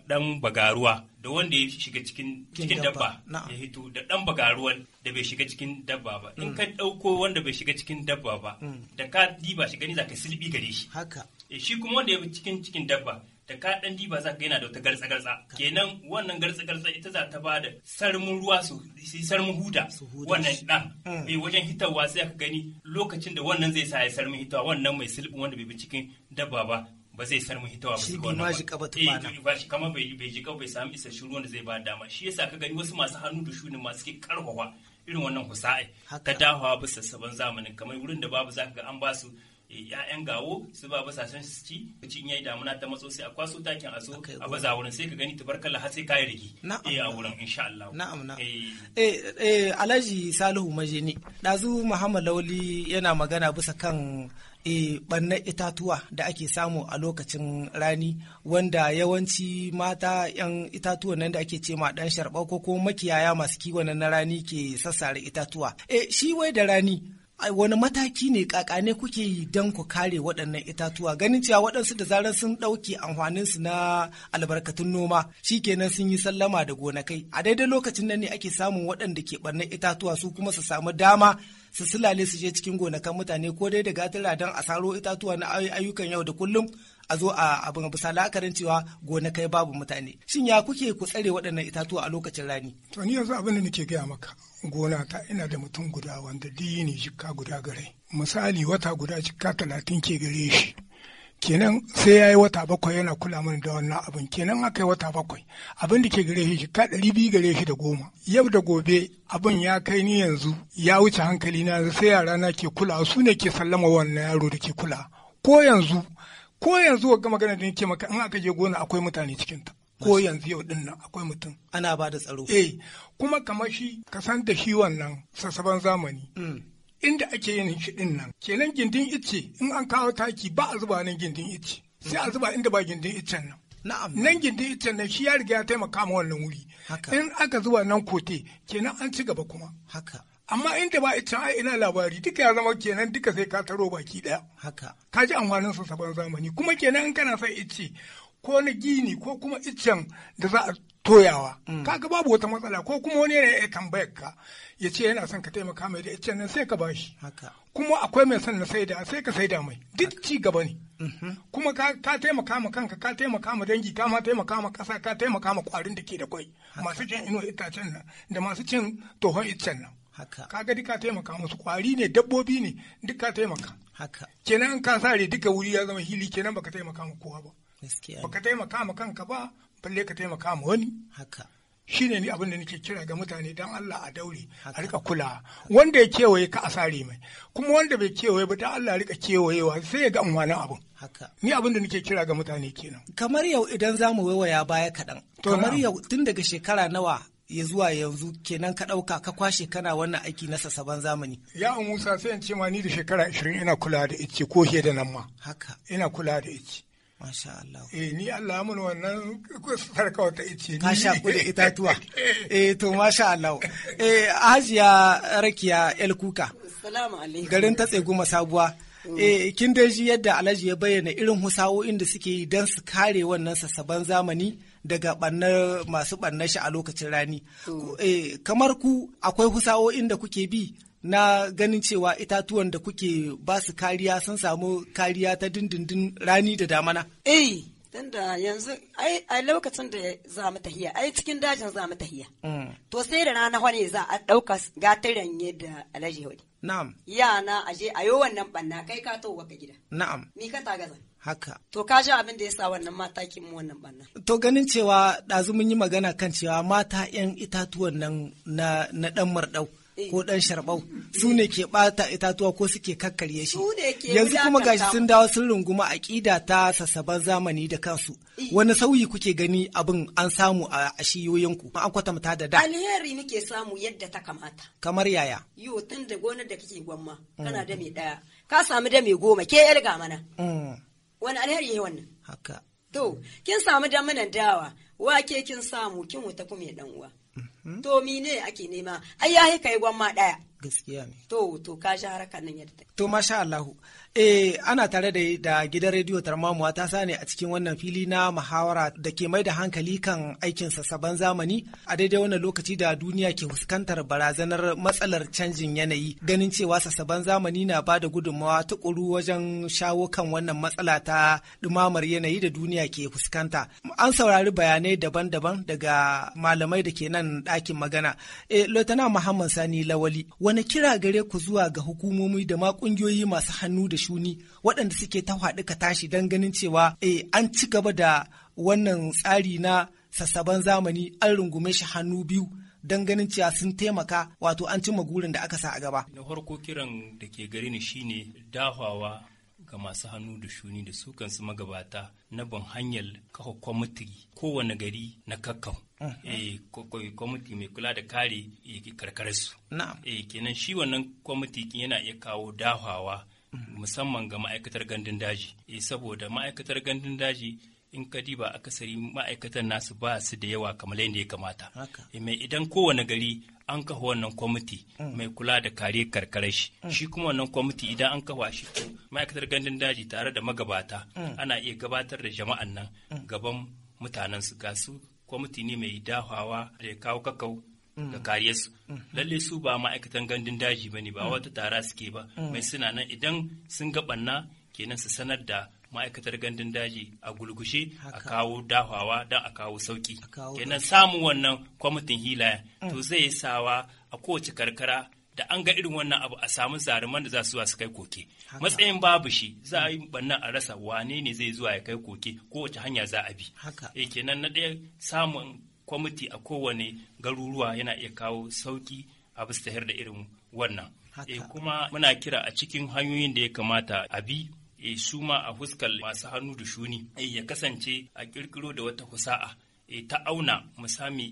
ɗan bagaruwa da wanda ya shiga cikin cikin dabba ya hito da dan bagaruwan da bai shiga cikin dabba ba in mm. ka dauko wanda bai shiga cikin dabba ba mm. da ka diba shi gani zaka silbi gare shi haka eh, shi kuma wanda ya cikin cikin dabba da ka dan diba zaka yana da wata garza garza kenan wannan garza garza ita za ta bada sarmun ruwa su sarmun huda wannan dan bai mm. eh, wajen hitarwa sai ka gani lokacin da wannan zai sa ya sarmun hitawa wannan mai silbin wanda bai bi cikin dabba ba ba zai san mu hitawa musu ko na ba shi eh, ba shi kama bai bai ji bai samu isa shi ruwan da zai ba dama shi yasa ka gani wasu masu hannu da shuni masu ke karfafa irin wannan husa'i ta dahawa bisa sabon zamanin kamar wurin da babu zaka ga an ba su ya'yan eh, gawo su ba ba sashen su ci cin yayi damuna ta matso sai a kwaso takin a zo a baza wurin sai ka gani tabarkalla har sai kai rigi eh a wurin insha Allah na'am na'am eh eh, eh Alhaji Salihu Majeni dazu Muhammad Lawli yana magana bisa kan e, ɓannan itatuwa da ake samu a lokacin rani wanda yawanci mata 'yan itatuwa nan da ake ce ma ɗan sharɓa ko kuma makiyaya masu kiwon na rani ke sassare itatuwa. E, shi wai da rani wani mataki ne ƙaƙane kuke yi don ku kare waɗannan itatuwa ganin cewa waɗansu da zarar sun ɗauke amfaninsu na albarkatun noma shikenan sun yi sallama da gonakai a daidai lokacin nan ne ake samun waɗanda ke ɓannan itatuwa su kuma su samu dama su sulale su je cikin gonakan mutane ko dai da gatira don a saro itatuwa na ayyukan yau da kullum a zo a abin bisa la'akarin cewa gonakai babu mutane shin ya kuke ku tsare waɗannan itatuwa a lokacin rani to ni yanzu abin da nake gaya maka gona ta ina da mutum guda wanda dini jikka guda gare misali wata guda jikka talatin ke gare shi kenan sai ya yi wata bakwai yana kula mana da wannan abin kenan aka yi wata bakwai abin da ke gare shi ka ɗari biyu gare shi da goma yau da gobe abin ya kai ni yanzu ya wuce hankali na sai yara na ke kula su ne ke sallama wannan yaro da ke kula ko yanzu ko yanzu ga magana da nake maka in aka je gona akwai mutane cikin ta ko yanzu yau din akwai mutum. Ana ba da tsaro. Eh, kuma kamar shi ka san da shi wannan sassaban zamani. Mm. inda ake yin shiɗin nan kenan gindin ice in an kawo taki ba a zuba nan gindin icce sai a zuba inda ba gindin iccen nan Na'am. Nan gindin iccen nan shi ya riga ya taimaka ma wannan wuri. In aka zuba nan kote kenan an ci gaba kuma. Haka. Amma inda ba iccen ai ina labari duka ya zama kenan duka sai ka taro baki daya. Haka. Ka ji amfanin sa saban zamani kuma kenan in kana son ice ko na gini ko kuma iccen da za a toyawa mm. kaga babu wata matsala ko kuma wani yana iya tambayar ka ya ce yana son ka taimaka mai da iccen nan sai ka bashi kuma akwai mai son na saida sai ka saida mai duk ci gaba ne mm-hmm. kuma ka taimaka ma kanka ka taimaka ma dangi ka ma taimaka ma kasa ka taimaka ma kwarin da ke da kwai masu cin ino itacen nan da masu cin tohon iccen nan kaga duka taimaka musu kwari ne dabbobi ne duka taimaka kenan ka sare duka wuri ya zama hili kenan baka taimaka ma kowa ba Baka taimaka ma kanka ba balle ka taimaka ma wani haka shi ne ni abin da nake kira ga mutane don Allah a daure a rika kula wanda ya kewaye ka a sare mai kuma wanda bai kewaye ba don Allah rika kewayewa sai ya ga amfanin abin ni abin da nake kira ga mutane kenan kamar yau idan za mu waiwaya baya kaɗan kamar yau tun daga shekara nawa ya zuwa yanzu kenan ka ɗauka ka kwashe kana wannan aiki na sassaban zamani. Ya Musa sai in ce ma ni da shekara ashirin ina kula da ice ko da nan ma. Haka. Ina kula da ice. Masha Allah. Eh ni Allah mun wannan farka wata ice ni. Ka sha da itatuwa. Eh. eh to masha Allah. Eh Hajiya Rakiya El Kuka. alaikum. Garin ta tseguma Sabuwa. Mm. Eh kin dai ji yadda Alhaji ya bayyana irin husawo da suke yi dan su kare wannan sassaban zamani daga ɓannar masu ɓannar shi a lokacin rani. Mm. Eh kamar ku akwai husawo'in da kuke bi na ganin cewa itatuwan da kuke ba su kariya sun samu kariya ta dindindin rani da damana? Eh, tunda yanzu ai a lokacin da za mu tahiya ai cikin dajin za mu tahiya. Mm. To sai da rana wane za a ɗauka ranye da alaji hudi. Na'am. Yana aje a yi wannan ɓanna kai ka to ka gida. Na'am. Mi ka gaza. haka. To ka ji abin da ya sa wannan mata kin mu wannan banna. To ganin cewa ɗazu mun yi magana kan cewa mata 'yan itatuwan nan na ɗan mardau. Eh. ko dan sharbau su ne ke bata itatuwa ko suke kakkarye shi yanzu kuma gashi sun dawo sun runguma aƙida ta sassaban zamani da kansu eh. wani sauyi kuke gani abin an samu a shiyoyinku an kwatanta da da alheri nake samu yadda ta kamata kamar yaya yo tun da gonar da kake gwamma mm. kana da mai daya ka samu da mai goma ke yar ga mana mm. wani alheri ne wannan haka to kin samu da dawa wake kin samu kin wuta kuma dan uwa mm. to mine ake nema ai ya yi gwamma daya gaskiya ne to to ka ji harkar nan yadda to masha Allahu eh ana tare da da gidan rediyo Tarmamu ta sani a cikin wannan fili na muhawara da ke mai da hankali kan aikin sassaban zamani a daidai wannan lokaci da duniya ke fuskantar barazanar matsalar canjin yanayi ganin cewa sassaban zamani na ba da gudunmawa tukuru wajen shawo kan wannan matsala ta dumamar yanayi da duniya ke fuskanta an saurari bayanai daban-daban daga malamai da ke nan ɗakin magana. E, Lotana Muhammad Sani Lawali, wani kira gare ku zuwa ga hukumomi da ma ƙungiyoyi masu hannu da shuni waɗanda suke ta haɗu ka tashi don ganin cewa e, an ci gaba da wannan tsari na sassaban zamani an rungume shi hannu biyu don ganin cewa sun taimaka wato an cimma gurin da aka sa a gaba. Na farko kiran da ke gare ni shine dafawa ga masu hannu da shuni da su kansu magabata na ban hanyar kawo kowane gari na kakkau Eh, eh, kwamiti mai kula da kare eh, karkararsu. kenan shi wannan kwamiti yana iya kawo dahawa musamman ga ma'aikatar gandun daji saboda ma'aikatar gandun daji in ka diba akasari ma'aikatar nasu ba su da yawa kamar yadda ya kamata mai idan kowane gari an kafa wannan kwamiti mm. mai kula da kare karkarar shi mm. shi kuma wannan kwamiti idan an kafa shi ma'aikatar gandun daji tare da magabata mm. ana iya gabatar da jama'an nan gaban mutanensu ga su kwamiti ne mai dahawa da ya kawo kakau mm. da kariyarsu mm. lalle su ba ma'aikatan gandun daji ba ne ba mm. wata tara suke ba mai suna nan idan sun ga banna kenan su sanar da ma'aikatar gandun daji a gulgushe a kawo dahawa don a kawo sauki kenan samun wannan kwamitin hila to zai yi sawa a kowace karkara da an ga irin wannan abu a samu zaruman da za su zuwa su kai koke matsayin babu shi za a yi mm. a rasa wane ne zai zuwa ya kai koke ko wace hanya za a bi e kenan na ɗaya samun kwamiti a kowane garuruwa yana iya kawo sauki a bisa da irin wannan e kuma muna kira a cikin hanyoyin da ya kamata a bi e su ma a fuskar masu hannu da shuni e ya kasance a kirkiro da wata kusa'a e ta auna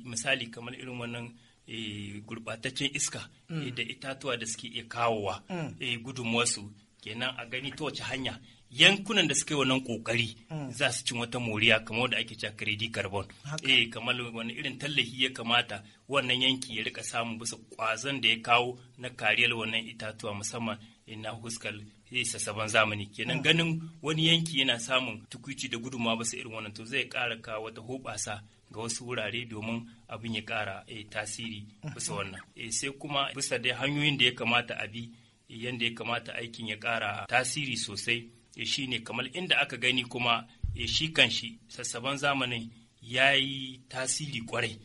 misali kamar irin wannan Eh, gurbataccen iska mm. eh, da itatuwa da suke iya kawowa mm. eh, gudunmuwarsu kenan a gani ta wace hanya yankunan da suke wannan kokari mm. za su cin wata moriya kamar wanda ake cewa credit carbon eh kamar wani irin tallafi ya kamata wannan yanki ya rika samun bisa kwazon da ya kawo na kariyar wannan itatuwa musamman na huskar sassaban zamani kenan ganin wani yanki yana samun tukuci da gudunmawa bisa irin wannan to zai ƙara kawo wata hoɓasa ga wasu wurare domin abin ya ƙara eh, tasiri bisa wannan eh, sai kuma bisa dai hanyoyin da ya kamata a bi eh, yadda ya kamata aikin ya kara tasiri sosai shi ne kamar inda aka gani kuma shi kan shi sassaban zamanin ya yi tasiri kwarai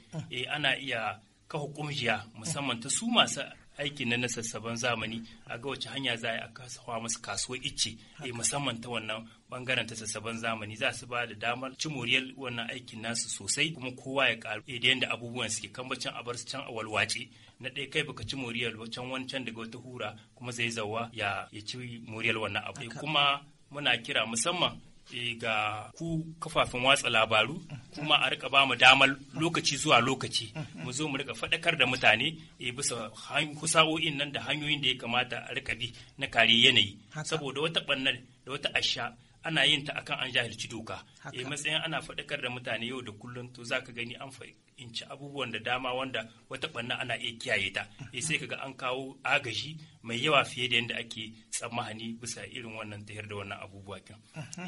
ana iya kafa kumjiya musamman ta su masu aikin na nasassaban zamani a ga wace hanya za a yi a kasawa masu kasuwar icce eh, musamman ta wannan bangaren ta sassaban zamani za su ba da damar cimoriyar wannan aikin nasu sosai kuma kowa ya karu eh, da yadda abubuwan suke bacin a bar su can a walwace na ɗaya kai baka ci moriyar can wancan daga wata hura kuma zai zawa ya ci moriyar wannan abu kuma muna kira musamman E, ga ku kafafen watsa labaru kuma a rika ba damar lokaci zuwa lokaci mu zo mu rika faɗakar da mutane e, bisa kusa'o'in nan da hanyoyin da ya kamata a rika bi na kare yanayi saboda wata ɓannar da wata asha ana yin ta akan an jahilci doka eh matsayin ana faɗakar da mutane yau da kullum to zaka gani an fahimci abubuwan da dama wanda wata ɓanna ana iya kiyaye ta eh sai kaga an kawo agaji mai yawa fiye da yadda ake tsammani bisa irin wannan tahir da wannan abubuwa kyan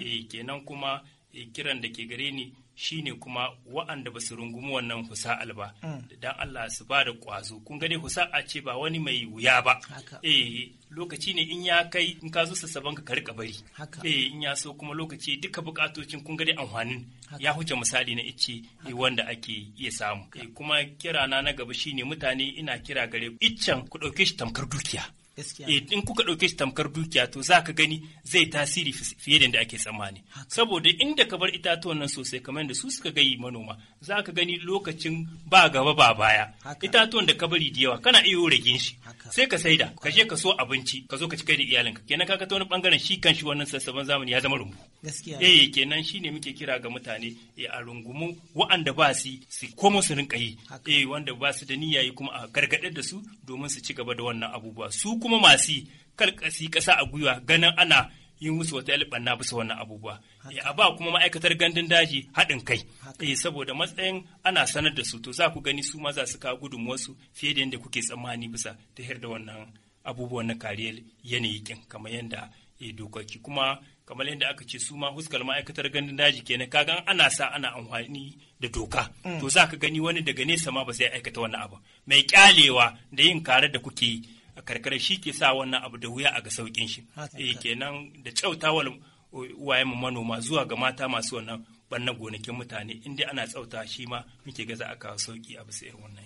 eh kenan kuma kiran da ke gare ni shi ne kuma wa'anda ba su rungumi wannan husa'al ba mm. don Allah su ba da kwazo kun gane husa'a ce ba wani mai wuya ba eh lokaci ne in ya kai in ka zo sassaban ka rika bari eh in ya so kuma lokaci duka bukatocin kun gane amfanin ya huce misali na icce eh, wanda ake iya samu eh, kuma kirana na na gaba shine mutane ina kira gare iccen ku dauke shi tamkar dukiya Eh, in kuka ɗauke shi tamkar dukiya to za ka gani zai tasiri fiye da yadda ake tsammani saboda inda ka bar itatuwan nan sosai kamar da su suka gayi manoma za ka gani lokacin ba gaba ba baya itatuwan da ka bari da yawa kana iyo ragin shi sai ka saida ka je ka so abinci ka zo ka ci kai da iyalinka kenan ka ta wani bangaren shi kan shi wannan sassaban zamani ya zama rumbu gaskiya eh kenan shine muke kira ga mutane eh, a rungumu wa'anda ba su su komo su rinka yi eh wanda ba su da niyya kuma a gargaɗar da su domin su ci gaba da wannan abubuwa su kuma masu karkasi ƙasa a gwiwa ganin ana yi musu wata alɓanna bisa wannan abubuwa. Eh, a ba kuma ma'aikatar gandun daji haɗin kai. Eh, saboda matsayin ana sanar da su to za ku gani su ma za su kawo gudunmuwarsu fiye da yadda kuke tsammani bisa ta da wannan abubuwan na kariyar yanayi kin kamar yadda eh, dokoki kuma kamar yadda aka ce su ma huskar ma'aikatar gandun daji kenan kagan ana sa ana amfani da doka mm. to za ka gani wani daga nesa ma ba sai aikata wani abu mai kyalewa da yin kare da kuke yi a karkara shi ke sa wannan abu da wuya a ga saukin shi eh kenan da kyautawar waye mu manoma zuwa ga mata masu wannan bannan gonakin mutane inda ana tsauta shi ma muke gaza a kawo sauki a bisa irin wannan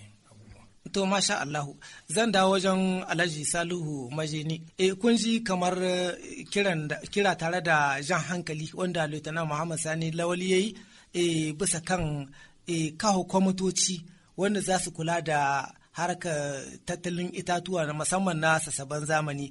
To masha Allahu zan dawo wajen Alhaji Salihu Majini. E eh, kun ji kamar eh, kiran kira tare da jan hankali wanda Lieutenant Muhammad Sani Lawali yayi e eh, bisa kan e kawo kwamitoci wanda za su kula da harka tattalin itatuwa na musamman na sasaban zamani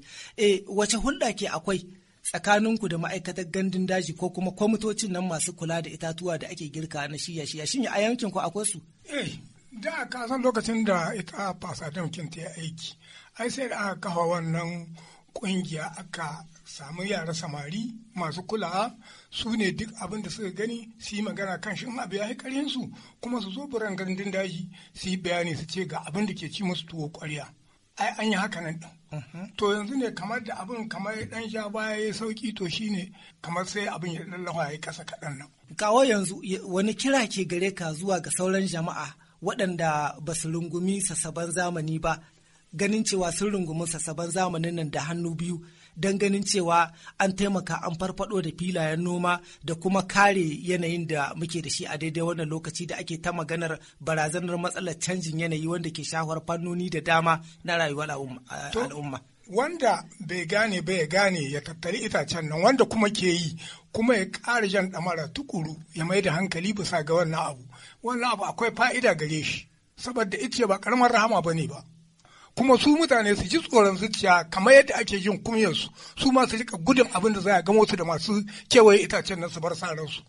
e wace hulɗa ke akwai tsakaninku da ma'aikatar gandun daji ko kuma kwamitocin nan masu kula da itatuwa da ake girka na shiya shiya shin a yankin ku akwai su eh da ka san lokacin da ita fasa ta ta aiki ai sai da aka kafa wannan kungiya aka samu yara samari masu kulawa su ne duk abin da suka gani su yi magana kan shin abu ya yi su kuma su zo buran gandun daji su yi bayani su ce ga abin da ke ci musu tuwo kwarya ai an yi haka nan mhm. to yanzu ne kamar da abin kamar dan sha baya ya sauki to shine kamar sai abin ya lallawa ya kasa kaɗan nan kawo yanzu wani kira ke gare ka zuwa ga sauran jama'a waɗanda ba su rungumi sassaban zamani ba ganin cewa sun rungumi sassaban zamanin nan da hannu biyu don ganin cewa an taimaka an farfado da filayen noma da kuma kare yanayin da muke da shi a daidai wannan lokaci da ake ta maganar barazanar matsalar canjin yanayi wanda ke shafar fannoni da dama na rayuwar al'umma. Wanda bai gane bai gane ya tattari itacen nan wanda kuma ke yi kuma ya ƙara jan ɗamara tukuru ya mai da hankali bisa ga wannan abu. Wannan abu akwai fa'ida gare shi saboda ita ba ƙaramar rahama ba ne ba. kuma su mutane su ji tsoron zuciya kamar yadda ake yin kunyarsu su ma su rika gudun abin da za a gamo su da masu kewaye itacen nan su bar sa ransu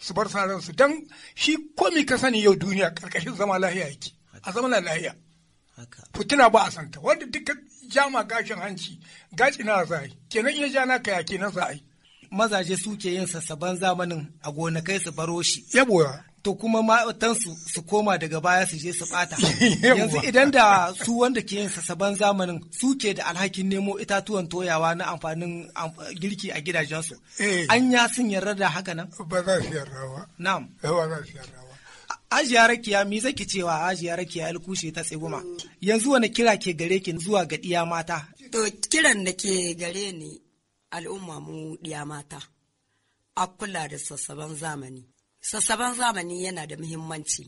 su bar sa su dan shi komi ka sani yau duniya karkashin zama lahiya yake a zama na lahiya fitina ba a santa wanda duka jama gashin hanci gaci na za a yi kenan iya ja na kaya kenan za a yi mazaje suke yin sassaban zamanin a gonakai su baro shi Yabo. to kuma ma'atansu su koma daga baya su je su bata yanzu idan da su wanda ke yin sasaban zamanin su ke da alhakin nemo itatuwan toyawa na amfanin girki a gidajensu eh. an ya sun yarda da haka nan ba za su yarda ba na'am eh, ba za su yarda ba ajiya rakiya mi zaki cewa ajiya rakiya alkushe ta tseguma yanzu wani kira ke gare ki zuwa ga diya mata to kiran da ke gare ni al'umma mu diya mata a kula da sassaban zamani sassaban zamani yana da muhimmanci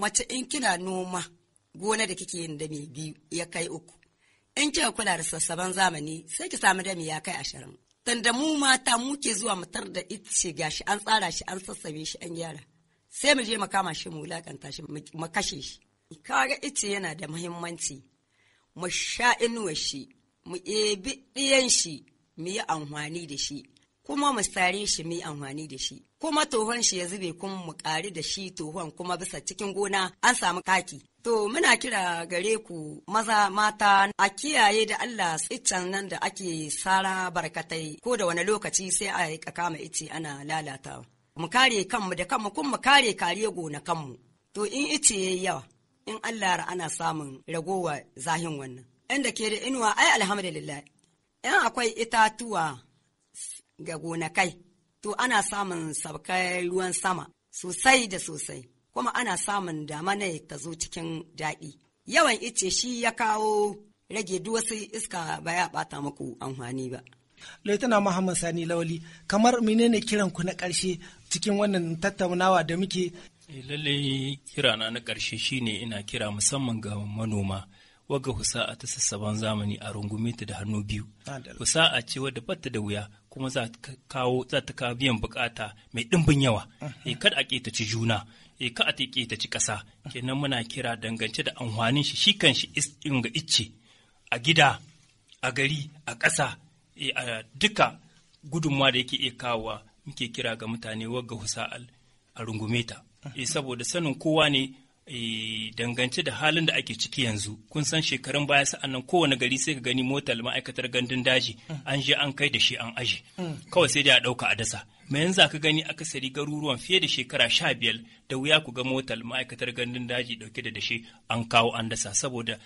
mace in kina noma gona da kike yin da mai biyu ya kai uku in kika kula da sassaban zamani sai ki samu dami ya kai ashirin tanda mu mata mu ke zuwa mu tar da ice gashi an tsara shi an sassabe shi an gyara sai mu je mu kama shi mu wulakanta shi mu kashe shi kaga ice yana da muhimmanci mu sha inuwar shi mu ebi ɗiyan shi mu yi amfani da shi kuma mu sare shi mu yi amfani da shi kuma tohon shi ya zube kuma mu ƙari da shi tohon kuma bisa cikin gona an samu kaki. To muna kira gare ku maza mata a kiyaye da Allah tsiccen nan da ake sara barkatai ko da wani lokaci sai a yi kama ice ana lalata. Mu kare kanmu da kanmu kuma mu kare gona kanmu. To in ice ya yawa in Allah ana samun ragowa zahin wannan. Inda ke da inuwa ai alhamdulillah. In akwai itatuwa ga gonakai to ana samun sabkai ruwan sama sosai da sosai kuma ana samun damana ta zo cikin daɗi. Yawan ice shi ya kawo rage duk wasu iska ba ya bata muku amfani ba. Laitana Muhammad Sani Lawali, kamar menene kiran ku na ƙarshe cikin wannan tattaunawa da muke? Eh, lallai kirana na ƙarshe shine ina kira musamman ga manoma. Waga a ta sassaban zamani a rungume ta da hannu biyu. a ce wadda batta da wuya kuma za ta kawo za ta kawo biyan bukata mai dimbin yawa e kada a ketaci juna e eh, ka a ta ƙetaci ƙasa kenan muna kira dangance da amfanin shi shi kanshi ga icce a gida a gari a ƙasa eh, a duka gudunmawa da yake iya kawowa muke kira ga mutane wagga husa'al a rungume ta e saboda sanin kowa ne Eh, dangance da halin da ake ciki yanzu kun san shekarun baya sa'an nan kowane gari sai ka gani motar ma'aikatar gandun daji an je an kai da shi an aje kawai sai da a ɗauka a dasa me yanzu ka gani akasari garuruwan fiye da shekara sha biyar da wuya ku ga motar ma'aikatar gandun daji ɗauke da dashe an kawo an dasa saboda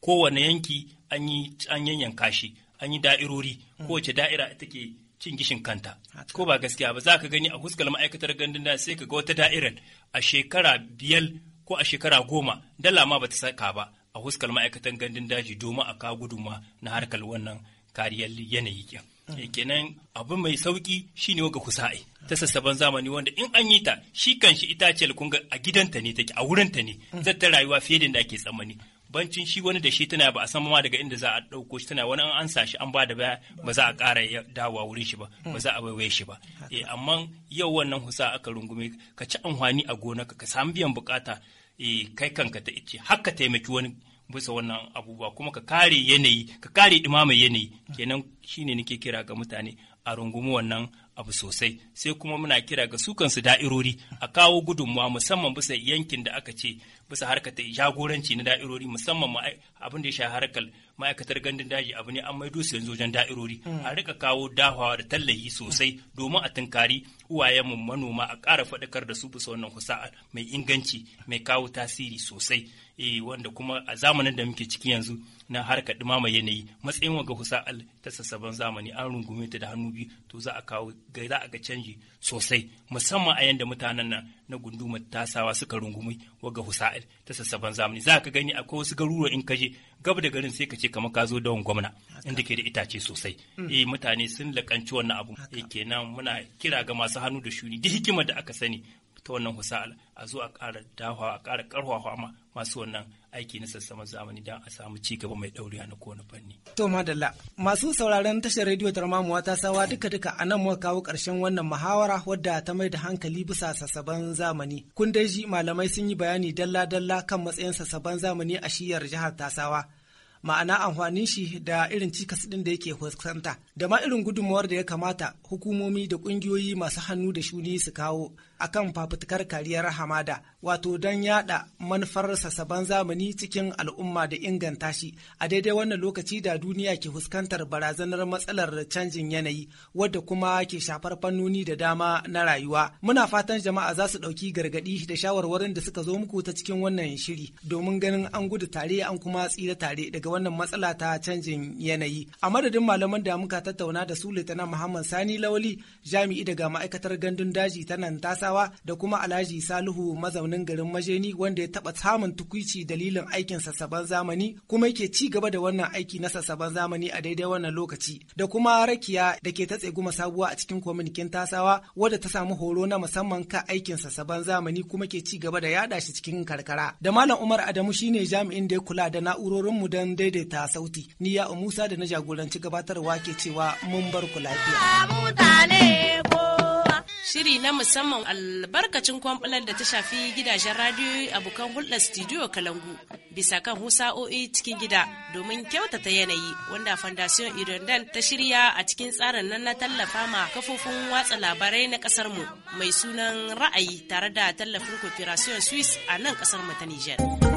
kowane yanki an yi an yanyanka shi an yi da'irori kowace da'ira ita ke cin gishin kanta ko ba gaskiya ba za ka gani a huskar ma'aikatar gandun daji sai ka ga wata da'irar a shekara biyar ko a shekara goma dala ma bata saka ba a huskar ma'aikatan gandun daji domin a kawo guduma na harkar wannan kariyar yanayi kyan. Eh, kenan abu mai sauki shine waga kusa'i ta sassaban zamani wanda in an yi ta shi kan shi ce kunga a gidanta ne take a wurinta ne zata rayuwa fiye da ake tsammani bancin shi wani da shi tana ba a san ma daga inda za a ɗauko shi tana wani an sa shi an ba da baya ba za a ƙara dawa wurin shi ba ba za a baiwaye shi ba eh amma yau wannan husa aka rungume ka ci amfani a gona ka samu biyan bukata e, kai kanka ta ice haka taimaki wani bisa wannan abubuwa kuma ka kare yanayi ka kare ɗumamar yanayi kenan Shi shine nake kira ga mutane a rungumi wannan abu sosai sai kuma muna kira ga su kansu da'irori a kawo gudunmuwa musamman bisa yankin da aka ce bisa harkar ta jagoranci na da'irori musamman abin da ya shafi harkar ma'aikatar gandun daji abu ne an maido su yanzu wajen da'irori hmm. a rika kawo dahawa da tallahi sosai domin a tunkari uwayenmu manoma a ƙara faɗakar da su bisa wannan kusa mai inganci mai kawo tasiri sosai e wanda kuma a zamanin da muke ciki yanzu na harkar dumama yanayi matsayin wa ga husa'al ta sassaban zamani an rungume ta da hannu biyu to za a kawo ga za a ga canji sosai musamman a yanda mutanen nan na gunduma tasawa suka rungumi wa ga husa'al ta sassaban zamani za ka gani akwai wasu garuruwa in ka je gab da garin sai ka ce kamar ka zo da wani gwamna inda ke da itace sosai hmm. eh mutane sun lakanci wannan abu eh kenan muna kira ga masu hannu da shuni duk hikimar da aka sani ta wannan husa'al a zo a ƙara dawa a ƙara ƙarfafa masu wannan aiki na sassaman zamani don a samu ci gaba mai ɗauri na kowane fanni. To madalla masu sauraron tashar rediyo ta tarmamuwa ta sawa duka duka a nan muka kawo ƙarshen wannan muhawara wadda ta mai da hankali bisa sassaban zamani. Kun dai ji malamai sun yi bayani dalla dalla kan matsayin sassaban zamani a shiyar jihar Tasawa. ma'ana amfanin shi da irin cikas ɗin da yake fuskanta da ma irin gudunmuwar da ya kamata hukumomi da ƙungiyoyi masu hannu da shuni su kawo akan fafutukar kariyar hamada wato don yada manufar sassaban zamani cikin al'umma da inganta shi a daidai wannan lokaci da duniya ke fuskantar barazanar matsalar canjin yanayi wadda kuma ke shafar fannoni da dama na rayuwa muna fatan jama'a za su ɗauki gargaɗi da shawarwarin da suka zo muku ta cikin wannan shiri domin ganin an gudu tare an kuma tsira tare daga wannan matsala ta canjin yanayi a madadin malaman da muka tattauna da su litinin muhammad sani lawali jami'i daga ma'aikatar gandun daji ta nan tasa Kanawa da kuma Alhaji Salihu mazaunin garin Majeni wanda ya taɓa samun tukuici dalilin aikin sassaban zamani kuma yake ci gaba da wannan aiki na sassaban zamani a daidai wannan lokaci da kuma Rakiya da ke ta tseguma sabuwa a cikin kominikin tasawa wadda ta samu horo na musamman kan aikin sassaban zamani kuma ke ci gaba da yada shi cikin karkara. Da Malam Umar Adamu shine jami'in da ya kula da na'urorin mu don daidaita sauti. Ni ya Musa da na jagoranci gabatarwa ke cewa mun bar ku lafiya. shiri na musamman albarkacin kwambulan da ta shafi gidajen a abokan hulɗar studio kalangu bisa kan husa'o'i cikin gida domin kyautata yanayi wanda fondation irondale ta shirya a cikin tsarin nan na tallafa ma kafofin watsa labarai na ƙasar mu mai sunan ra'ayi tare da tallafin cooperation swiss a nan ƙasar mu ta niger